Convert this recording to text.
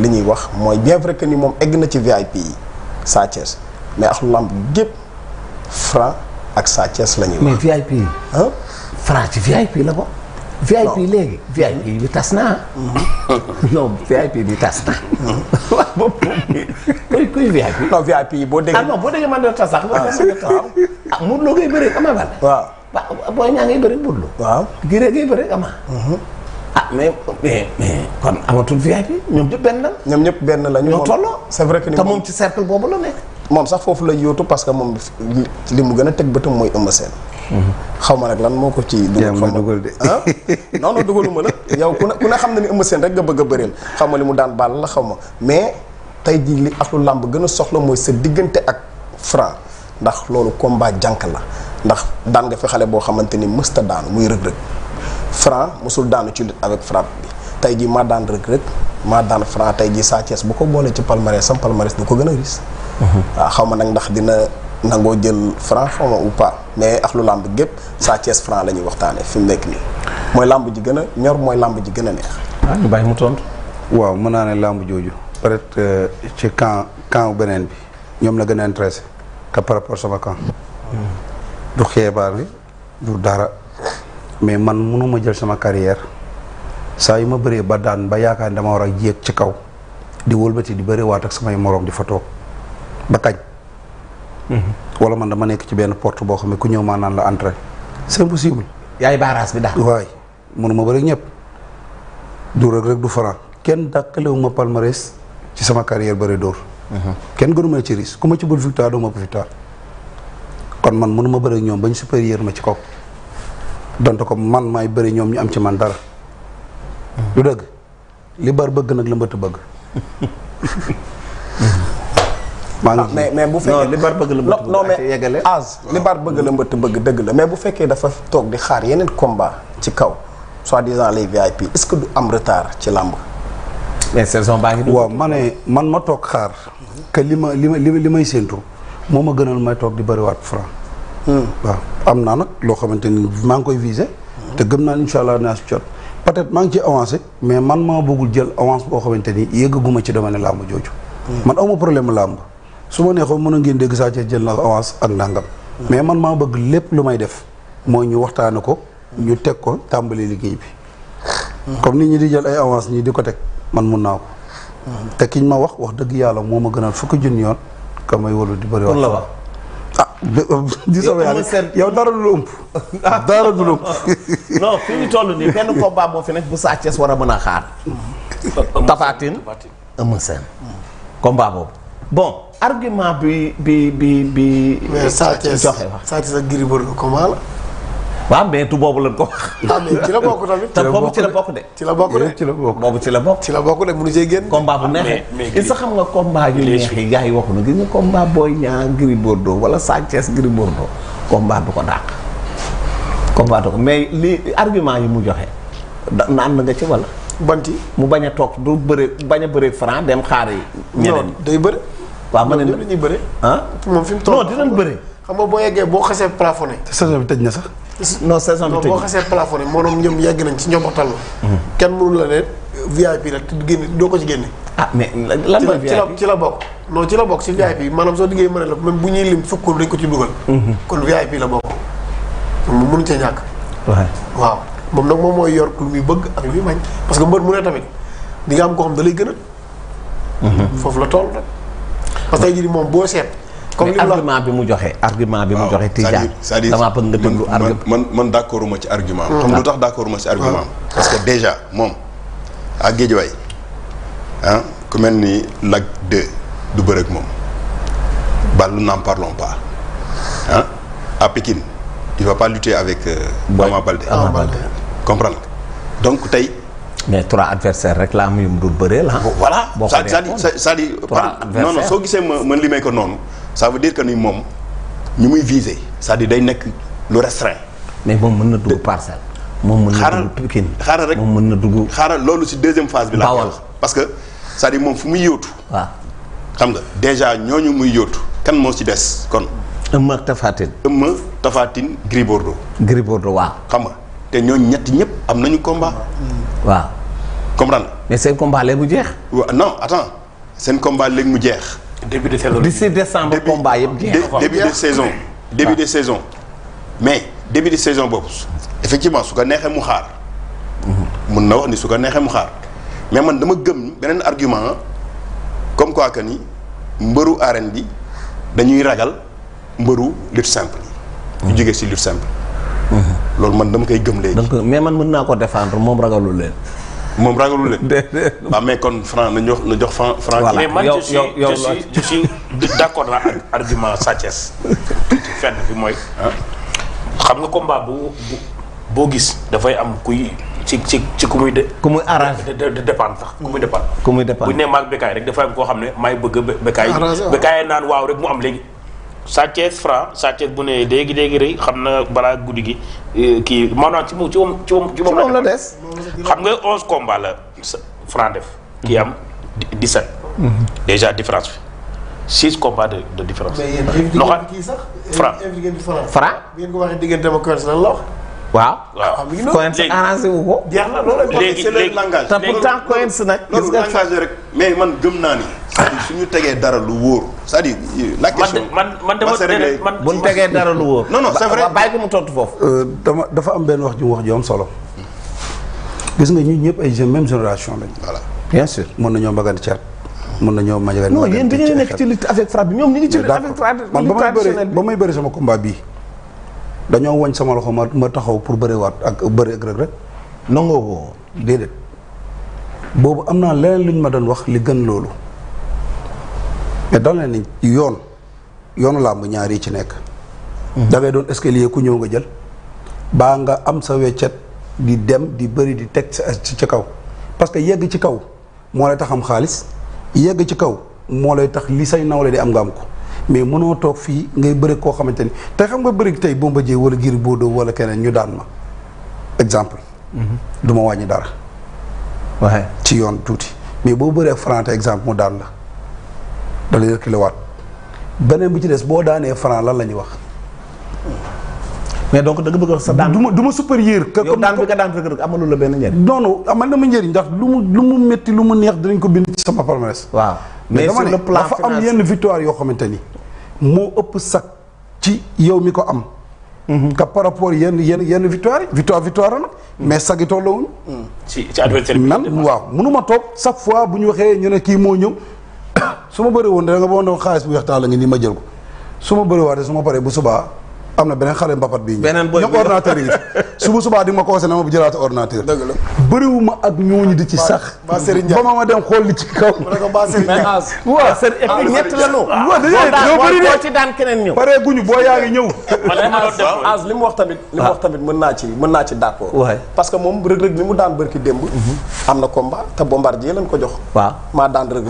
li ñuy wax mooy bien vrai que ni moom egg na ci VIP yi Sa Thiès mais ak lamb gépp Franc ak Sa Thiès la ñuy wax. mais VIP yi. bi tas naa. Mhm. non VIP bi tas na mhm. waaw boobu kuy kuy VIP. non VIP yi boo déggee. ah boo déggee man de tas sax. ah si ah, ngay bëri Ama Baldé. waaw booy ñaa ngay bëri Modou Lo. waaw ngay bëri Ama. Mhm. Ah, mais mais kon amatul VIP ñoom ñëpp benn la. ñoom ñëpp benn la ñu. ñoo tolloo c'est que ni te moom ci cercle boobu la nekk. moom sax foofu la yóotu parce que moom li mu gën a teg bëtam mooy Eumeu Sène. xaw ma nag lan moo ko ci. dugal xaw ma dugal de ah non non dugaluma la yow ku ne ku ne xam na ni Eumeu seen rek nga bëgg a bëreel xaw li mu daan baal la xaw ma mais tey jii li ak lu làmb gën a soxla mooy sa diggante ak Franc ndax loolu combat jànk la ndax daan nga fi xale boo xamante ni mësta daanu muy rëg-rëg. Franc mosul daanu ci lutte avec frappe bi tey jii maa daan Reug Reug maa daan Franc tey jii Sa Thiès bu ko boolee ci palmarès sam palmarès du ko gën a gis. Mhm. waaw xaw ma nag ndax dina nangoo jël Franc xaw ma ou pas mais ak lu làmb gépp Sa Thiès Franc la ñuy waxtaanee fi mu nekk nii mooy làmb ji gën a ñor mooy làmb ji gën a neex. ah ñu bàyyi mu tontu. waaw mën naa ne làmb jooju. peut-être euh, ci camp camp beneen bi ñoom la gën a intéressé que par rapport sama camp. Mhm. du xeebaar dara. mais man ma jël sama carrière saa yu ma bëree ba daan ba yaakaar ne dama war a yéeg ci kaw di wëlbati di bëri waat ak samay moroom di fa toog ba kañ. Mm-hmm. wala man dama nekk ci benn porte boo xam ne ku ñëw maa naan la entrée c'est impossible. yaay baaraas bi daal. waay mënuma bëri ñëpp du rek rek du faral kenn dàqalewuma palmarès ci sama carrière bëri dóor. Mm-hmm. kenn gënuma ci risque ku ma ci bul victoire doo ma ko victoire kon man ma bëri ñoom bañ supérieur ma ci kaw. donte ko man maay bëri ñoom ñu am ci man dara. lu dëgg li bar bëgg nag la mbëtt bëgg. maa ngi ah, mais mais bu fekkee non li bëgg la mbëtt bëgg as li bar bëgg la mbëtt bëgg dëgg la mais bu fekkee dafa toog di xaar yeneen combat ci kaw soi-disant les VIP est-ce que du am retard ci làmb. mais saison baa ngi waaw ma ne man ma toog xaar. que li ma li ma li may séentu moo ma gënal may toog di bëriwaat franc. waaw am naa nag loo xamante ni maa ngi koy visé. te gëm naa incha allah naa si jot peut-être maa ngi ci avancé mais man maa bëggul jël avance boo xamante ni yëggaguma ci domaine làmb jooju. man awma problème làmb su ma neexoon mën a ngeen dégg saa jël na avance ak nangam. mais man maa bëgg lépp lu may def mooy ñu waxtaane ko. ñu teg ko tàmbali liggéey bi. comme nit ñi di jël ay avance ñii di ko teg man mun naa ko. Mm-hmm. te kiñ ma wax wax dëgg yàlla moo ma gënal fukki junni yoon ka may walu di bëri wax. ah di soobee yàlla yow dara du la fi ñu toll nii benn combat moo fi nekk bu Sa war a mën a xaar Tapha Tine Eumeu Sène combat boobu bon argument bi bi bi bi Sa Thiès joxe wax Sa Thiès ak la waaw mais boobu lañ ko wax. Ah, ci la bokk tamit. te boobu ci la bokk de. ci la bokk de eh, ci la bokk boobu ci la bokk. ci la bokk de mënu cee génn. combat bu ah, neexee mais sa xam nga combat yu neex yi gars yi waxu na gis nga combat Boy Niang Gris Bordeaux wala Sathiès Gris Bordeaux combat du ko dàq. combat du ko mais li argument yi mu joxe na ànd nga ci wala. banti mu bañ a toog du bëre bañ a bëre franc dem xaar yi. ñeneen day bër waaw ma ne ñoom ñuy bëre. ah moom fi mu toll non dinañ bëre. boo yeggee boo xasee plafonné. saison bi tëj na sax. non saison bi tëj boo xasee plafonné moom ñoom yegg nañ ci njombaxtal la. kenn mënu la ne VIP la te génn doo ko ci génne. Ah, ci la ci la bokk. non ci la bokk ci VIP maanaam soo diggee mën a la même bu ñuy lim fukkoon dañ ko ci dugal. Mm-hmm. kon VIP la bokk. mu mënu cee ñàkk. waaw moom nag moom mooy yor lu muy bëgg ak lu muy bañ parce que mbër mu ne tamit di nga am koo xam da lay mm-hmm. foofu la tool rek. parce que tey moom boo seet. comme li argument bi mu joxee argument bi mu joxe Tijaan damaa bëgg nga déglu argument man man d'accord uma ci argument am hmm. xam ah. parce que déjà moom ak Géejawaay ah ku mel ni Lac 2 du bëre moom Balla n'en parlons pas ah il va pas lutter avec euh, Ama Baldé comprendre tey mais trois adversaires rek laa am yu dul bëree la voilà c'est-à-dire cest soo gisee ma man li ko noonu ça veut dire que ni moom ñu muy viser cest à day nekk lu restreint. mais moom mën na dugg parcelle. moom mën na dugg xaaral rek moom mën na dugg. xaaral loolu si deuxième phase bi. la wax parce que cest à moom fu muy yóotu. waaw xam nga déjà ñooñu muy yóotu kan moo si des kon. Eumeu Tafatine. Eumeu Tafatine Gris Bordeaux. Gris Bordeaux waaw. xam nga te ñooñu ñetti ñëpp am nañu combat. waaw. comprendre mais seen combat léegi mu jeex. non attends seen combat léegi mu jeex. début de saison 17 décembre combat yëpp début de saison. début de saison. mais début de saison boobu effectivement su ko neexee mu xaar. mun na wax ni su ko neexee mu xaar mais man dama gëm beneen argument comme quoi que ni mbëru arène bi dañuy ragal mbëru lutte simple yi. ñu jógee ci lutte simple. Mhm. loolu man dama koy gëm léegi. donc mais man mën naa ko défendre moom ragalul leen. moom ragalul leen. déedéet waaw ah, mais kon franc na jox na jox franc franc. voilà mais man je suis d' accord naa ak argument Sathiès fenn bi mooy. Ah, xam nga combat bu boo gis dafay am kuy ci ci ci ku muy. de ku muy arrangé de de dépendre sax ku muy dépendre. ku muy dépendre bu nee maag Bécaye rek dafay am koo xam ne maay bëgg a Bécaye. arrangé waaw naan waaw rek mu am léegi. Sathiès franc Sathiès bu ne léegi léegi rëy xam na balaa guddi gi euh, kii maanaam ci moom ci moom ci moom la des xam nga onze combat la franc def kii am di 17 mhm. déjà différence bi six combats de de différence. mais kii sax. franc franc. ngeen ko waxee diggante ma coince lan la wax. waaw. waaw ah, coince arrangé wu ko. jeex na loolu léegi léegi te pourtant coince nag. gis nga rek mais man gëm naa ni. suñu tegee dara lu wóor cest la question. man man dama man bu ñu tegee dara lu wóor. non non c'est vrai bàyyi ko euh, dama dafa am benn wax ju wax ju solo. gis nga ñun ñëpp ay jeunes même génération lañu. voilà bien mën nañoo magante caat. mën nañoo magante non yéen da ngeen nekk ci lutte avec frappe bi ñoom ñu ngi ci lutte avec frappe man ba may bëri sama combat bii. dañoo wañ sama loxo ma ma taxaw pour waat ak bëri ak rek rek. nangoo ko déedéet boobu am naa leneen luñ ma doon wax li gën loolu mais doon leen ni yoon yoonu làmb ñaar yi ci nekk. Hmm. da ngay doon escalier ku ñëw nga jël. baa nga am sa weccet di dem di bëri di teg ci kaw parce que yegg ci kaw moo lay tax am xaalis yegg ci kaw moo lay tax li say nawle di am nga am ko mais mënoo toog fii ngay bëri koo xamante ni te xam nga bëri tey Bombardier wala Gris Bordeaux wala keneen ñu daan ma exemple. Mm-hmm. du ma wàññi dara. waaye ci yoon tuuti mais boo bëree ak Franc exemple mu daan la. da lay beneen bu ci des boo daanee franc la ñuy wax. mais donc da nga bëgg a sa daan du ma du ma supérieur. que comme daan bi nga daan la benn njëriñ. non non na ma njëriñ ndax lu mu lu mu metti lu mu neex dinañ ko bind ci sama palmarès. waaw mais sur le plan dafa am yenn victoire yoo xamante ni moo ëpp sax ci yow mi ko am. Mhm. que par rapport yenn yenn yenn victoire yi victoire victoire nag. Mhm. mais sag yi tolloo wuñ. ci ci adversaire bi man waaw mënu ma toog chaque fois bu ñu waxee ñu ne kii moo ñëw. su ma bëri woon da nga ba woon xaalis bu weex taal la ngi nii ma jël ko su ma bëri waatee su ma paree bu subaa am na beneen xale mbapat bii ñëw ñoom ordinateur yi su bu subaa di ma conseillé na ma bu jëlaat ordinateur bëriwuma ak ñooñu di ci sax ba ma ma dem xool li ci kaw waaw seen ñett la ñu waaw daan keneen ñëw paree guñu boo yaa ngi ñëw as li mu wax tamit li mu wax ah. tamit mën naa ci mën naa ci d'accord parce que moom rëg-rëg li mu daan bërki démb mhm. am na combat te bombardier lañ ko jox waaw maa daan rëg